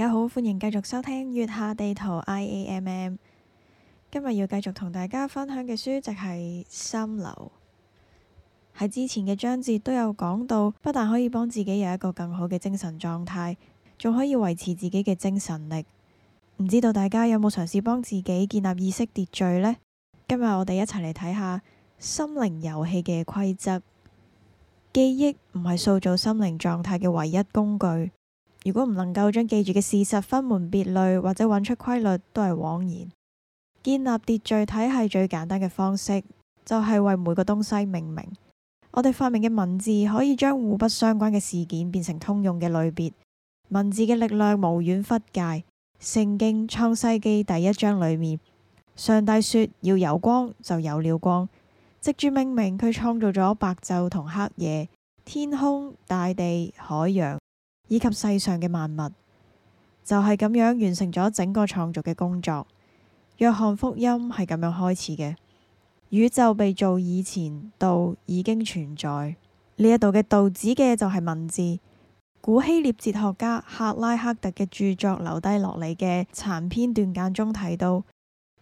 大家好，歡迎繼續收聽《月下地圖 IAMM》。今日要繼續同大家分享嘅書籍係《心流》。喺之前嘅章節都有講到，不但可以幫自己有一個更好嘅精神狀態，仲可以維持自己嘅精神力。唔知道大家有冇嘗試幫自己建立意識秩序呢？今日我哋一齊嚟睇下心靈遊戲嘅規則。記憶唔係塑造心靈狀態嘅唯一工具。如果唔能夠將記住嘅事實分門別類，或者揾出規律，都係枉然。建立秩序體系最簡單嘅方式，就係為每個東西命名。我哋發明嘅文字可以將互不相關嘅事件變成通用嘅類別。文字嘅力量無遠弗屆。《聖經創世紀》第一章裏面，上帝說要有光，就有了光。藉住命名，佢創造咗白晝同黑夜、天空、大地、海洋。以及世上嘅萬物，就係、是、咁樣完成咗整個創造嘅工作。約翰福音係咁樣開始嘅。宇宙被造以前，道已經存在。呢一度嘅道指嘅就係文字。古希臘哲學家克拉克特嘅著作留低落嚟嘅殘篇斷簡中提到，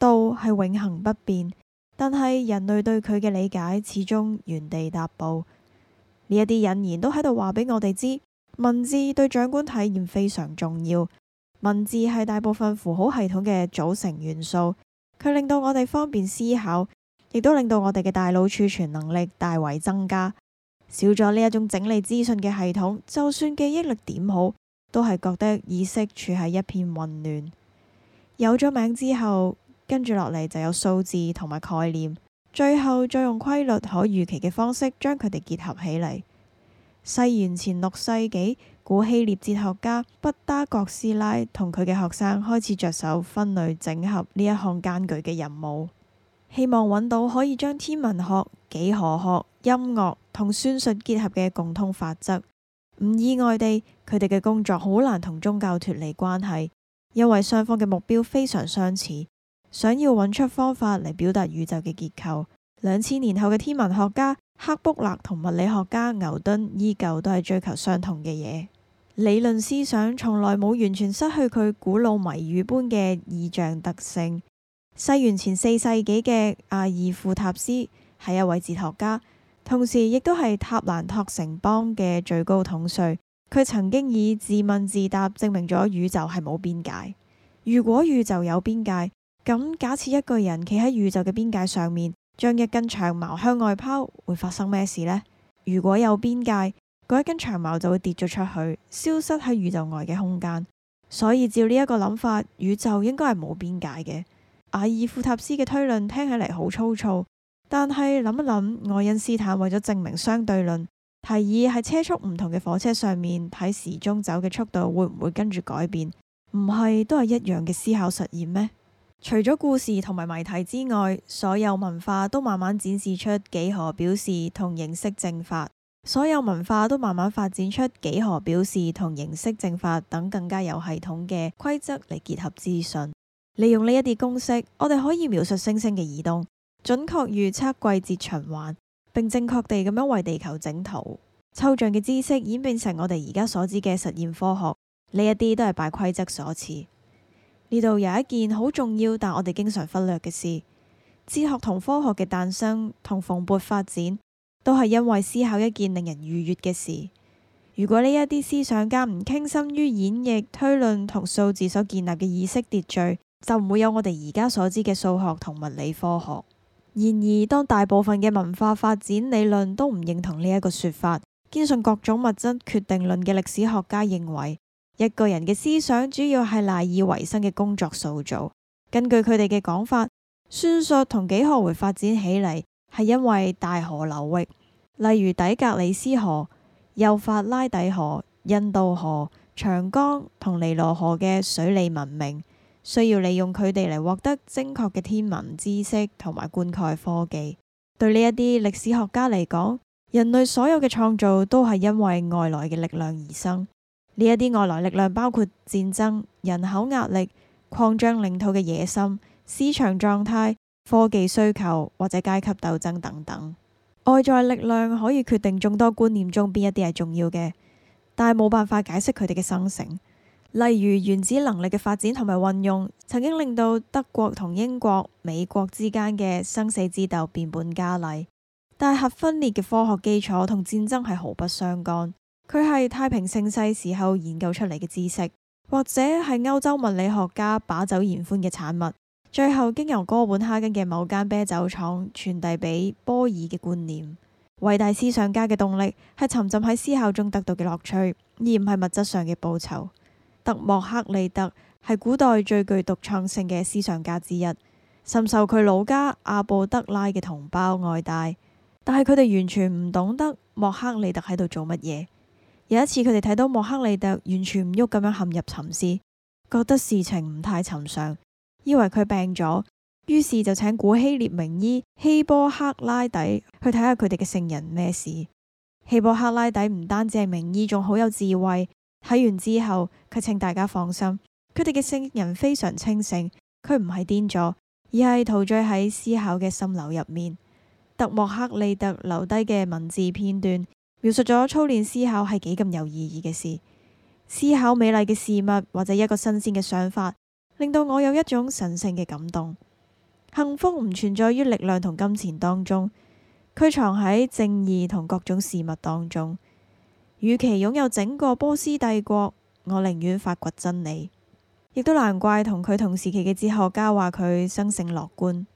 道係永恒不變，但係人類對佢嘅理解始終原地踏步。呢一啲隱言都喺度話俾我哋知。文字對掌管體驗非常重要。文字係大部分符號系統嘅組成元素，佢令到我哋方便思考，亦都令到我哋嘅大腦儲存能力大為增加。少咗呢一種整理資訊嘅系統，就算記憶力點好，都係覺得意識處喺一片混亂。有咗名之後，跟住落嚟就有數字同埋概念，最後再用規律可預期嘅方式將佢哋結合起嚟。西元前六世紀，古希臘哲學家畢達哥拉斯同佢嘅學生開始着手分類整合呢一項艱巨嘅任務，希望揾到可以將天文學、幾何學、音樂同算術結合嘅共通法則。唔意外地，佢哋嘅工作好難同宗教脫離關係，因為雙方嘅目標非常相似，想要揾出方法嚟表達宇宙嘅結構。兩千年後嘅天文學家，克卜勒同物理學家牛頓依舊都係追求相同嘅嘢，理論思想從來冇完全失去佢古老謎語般嘅意象特性。西元前四世紀嘅阿爾庫塔斯係一位哲學家，同時亦都係塔蘭托城邦嘅最高統帥。佢曾經以自問自答證明咗宇宙係冇邊界。如果宇宙有邊界，咁假設一個人企喺宇宙嘅邊界上面。將一根長矛向外拋，會發生咩事呢？如果有邊界，嗰一根長矛就會跌咗出去，消失喺宇宙外嘅空間。所以照呢一個諗法，宇宙應該係冇邊界嘅。阿爾富塔斯嘅推論聽起嚟好粗糙，但係諗一諗，愛因斯坦為咗證明相對論，提議喺車速唔同嘅火車上面睇時鐘走嘅速度會唔會跟住改變，唔係都係一樣嘅思考實驗咩？除咗故事同埋謎題之外，所有文化都慢慢展示出幾何表示同形式證法。所有文化都慢慢發展出幾何表示同形式證法等更加有系統嘅規則嚟結合資訊。利用呢一啲公式，我哋可以描述星星嘅移動，準確預測季節循環，並正確地咁樣為地球整圖。抽象嘅知識演變成我哋而家所知嘅實驗科學，呢一啲都係拜規則所賜。呢度有一件好重要，但我哋經常忽略嘅事，哲學同科學嘅誕生同蓬勃發展，都係因為思考一件令人愉悅嘅事。如果呢一啲思想家唔傾心於演繹、推論同數字所建立嘅意識秩序，就唔會有我哋而家所知嘅數學同物理科學。然而，當大部分嘅文化發展理論都唔認同呢一個說法，堅信各種物質決定論嘅歷史學家認為。一個人嘅思想主要係賴以為生嘅工作塑造。根據佢哋嘅講法，算術同幾何會發展起嚟，係因為大河流域，例如底格里斯河、幼發拉底河、印度河、長江同尼羅河嘅水利文明，需要利用佢哋嚟獲得精確嘅天文知識同埋灌溉科技。對呢一啲歷史學家嚟講，人類所有嘅創造都係因為外來嘅力量而生。呢一啲外來力量包括戰爭、人口壓力、擴張領土嘅野心、市場狀態、科技需求或者階級鬥爭等等。外在力量可以決定眾多觀念中邊一啲係重要嘅，但係冇辦法解釋佢哋嘅生成。例如原子能力嘅發展同埋運用，曾經令到德國同英國、美國之間嘅生死之鬥變本加厲。但係核分裂嘅科學基礎同戰爭係毫不相干。佢係太平盛世時候研究出嚟嘅知識，或者係歐洲物理學家把酒言歡嘅產物，最後經由哥本哈根嘅某間啤酒廠傳遞俾波爾嘅觀念。偉大思想家嘅動力係沉浸喺思考中得到嘅樂趣，而唔係物質上嘅報酬。特莫克利特係古代最具獨創性嘅思想家之一，深受佢老家阿布德拉嘅同胞愛戴，但係佢哋完全唔懂得莫克利特喺度做乜嘢。有一次，佢哋睇到莫克利特完全唔喐咁樣陷入沉思，覺得事情唔太尋常，以為佢病咗，於是就請古希臘名醫希波克拉底去睇下佢哋嘅聖人咩事。希波克拉底唔單止係名醫，仲好有智慧。睇完之後，佢請大家放心，佢哋嘅聖人非常清醒，佢唔係癲咗，而係陶醉喺思考嘅心流入面。特莫克利特留低嘅文字片段。描述咗操練思考係幾咁有意義嘅事，思考美麗嘅事物或者一個新鮮嘅想法，令到我有一種神聖嘅感動。幸福唔存在於力量同金錢當中，佢藏喺正義同各種事物當中。與其擁有整個波斯帝國，我寧願發掘真理。亦都難怪同佢同時期嘅哲學家話佢生性樂觀。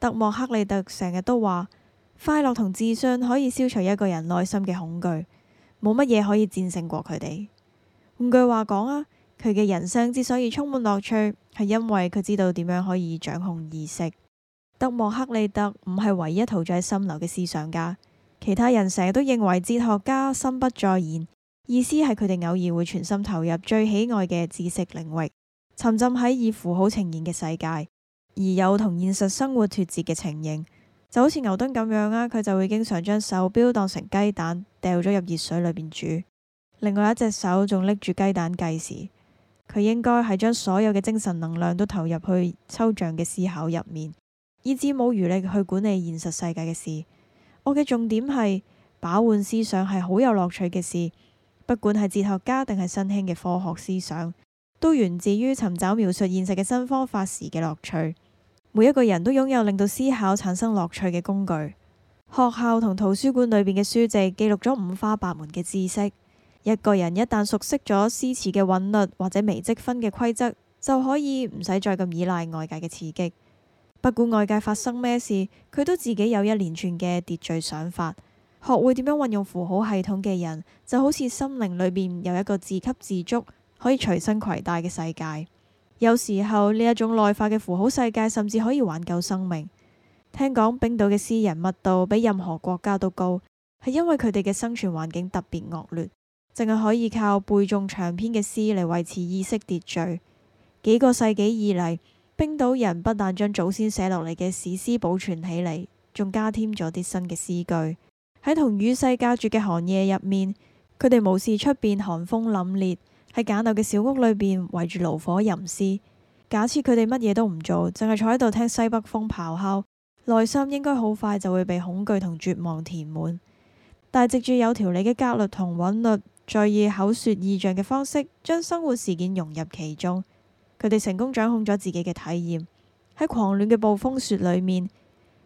德謨克利特成日都話。快樂同自信可以消除一個人內心嘅恐懼，冇乜嘢可以戰勝過佢哋。換句話講啊，佢嘅人生之所以充滿樂趣，係因為佢知道點樣可以掌控意識。德莫克利特唔係唯一陶醉喺心流嘅思想家，其他人成日都認為哲學家心不在焉，意思係佢哋偶爾會全心投入最喜愛嘅知識領域，沉浸喺以符號呈現嘅世界，而有同現實生活脱節嘅情形。就好似牛頓咁樣啦，佢就會經常將手錶當成雞蛋掉咗入熱水裏面煮，另外一隻手仲拎住雞蛋計時。佢應該係將所有嘅精神能量都投入去抽象嘅思考入面，以致冇餘力去管理現實世界嘅事。我嘅重點係把玩思想係好有樂趣嘅事，不管係哲學家定係新興嘅科學思想，都源自於尋找描述現實嘅新方法時嘅樂趣。每一個人都擁有令到思考產生樂趣嘅工具。學校同圖書館裏邊嘅書籍記錄咗五花八門嘅知識。一個人一旦熟悉咗詩詞嘅韻律或者微積分嘅規則，就可以唔使再咁依賴外界嘅刺激。不管外界發生咩事，佢都自己有一連串嘅秩序想法。學會點樣運用符號系統嘅人，就好似心靈裏邊有一個自給自足、可以隨身攜帶嘅世界。有時候呢一種內化嘅符號世界，甚至可以挽救生命。聽講冰島嘅詩人密度比任何國家都高，係因為佢哋嘅生存環境特別惡劣，淨係可以靠背誦長篇嘅詩嚟維持意識秩序。幾個世紀以嚟，冰島人不但將祖先寫落嚟嘅史詩保存起嚟，仲加添咗啲新嘅詩句。喺同與世隔絕嘅寒夜入面，佢哋無視出邊寒風凜冽。喺簡陋嘅小屋裏邊圍住爐火吟詩，假設佢哋乜嘢都唔做，淨係坐喺度聽西北風咆哮，內心應該好快就會被恐懼同絕望填滿。但係藉住有條理嘅格律同韻律，再以口說意象嘅方式，將生活事件融入其中，佢哋成功掌控咗自己嘅體驗。喺狂亂嘅暴風雪裏面，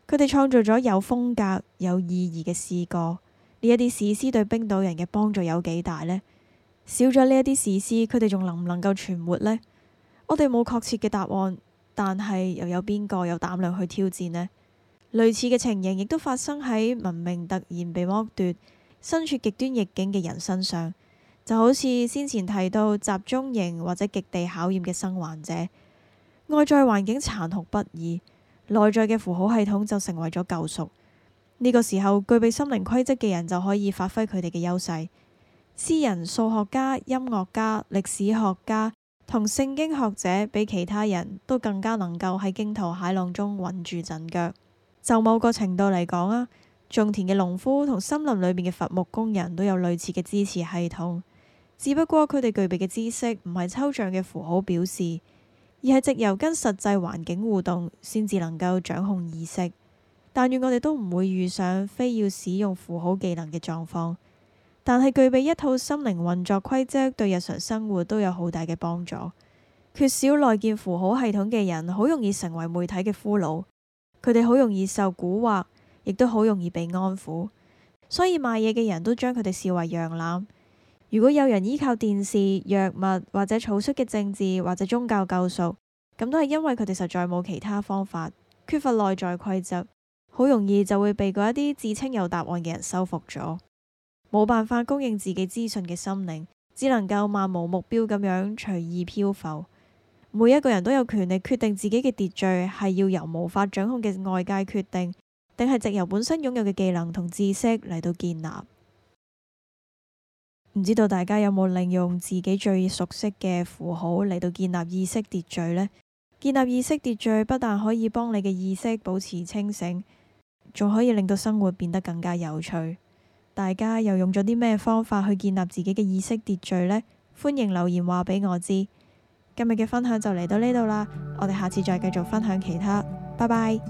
佢哋創造咗有風格有意義嘅詩歌。呢一啲史詩對冰島人嘅幫助有幾大呢？少咗呢一啲史詩，佢哋仲能唔能夠存活呢？我哋冇確切嘅答案，但係又有邊個有膽量去挑戰呢？類似嘅情形亦都發生喺文明突然被剝奪、身處極端逆境嘅人身上，就好似先前提到集中營或者極地考驗嘅生還者，外在環境殘酷不已，內在嘅符號系統就成為咗救贖。呢個時候具備心靈規則嘅人就可以發揮佢哋嘅優勢。詩人、數學家、音樂家、歷史學家同聖經學者，比其他人都更加能夠喺驚濤駭浪中穩住陣腳。就某個程度嚟講啊，種田嘅農夫同森林裏面嘅伐木工人都有類似嘅支持系統，只不過佢哋具備嘅知識唔係抽象嘅符號表示，而係藉由跟實際環境互動先至能夠掌控意識。但願我哋都唔會遇上非要使用符號技能嘅狀況。但係具備一套心靈運作規則，對日常生活都有好大嘅幫助。缺少內建符號系統嘅人，好容易成為媒體嘅俘虜，佢哋好容易受蠱惑，亦都好容易被安撫。所以賣嘢嘅人都將佢哋視為羊腩。如果有人依靠電視、藥物或者草率嘅政治或者宗教救贖，咁都係因為佢哋實在冇其他方法，缺乏內在規則，好容易就會被嗰一啲自稱有答案嘅人收服咗。冇辦法供應自己資訊嘅心靈，只能夠漫無目標咁樣隨意漂浮。每一個人都有權利決定自己嘅秩序，係要由無法掌控嘅外界決定，定係藉由本身擁有嘅技能同知識嚟到建立。唔知道大家有冇利用自己最熟悉嘅符號嚟到建立意識秩序呢？建立意識秩序不但可以幫你嘅意識保持清醒，仲可以令到生活變得更加有趣。大家又用咗啲咩方法去建立自己嘅意識秩序呢？歡迎留言話畀我知。今日嘅分享就嚟到呢度啦，我哋下次再繼續分享其他。拜拜。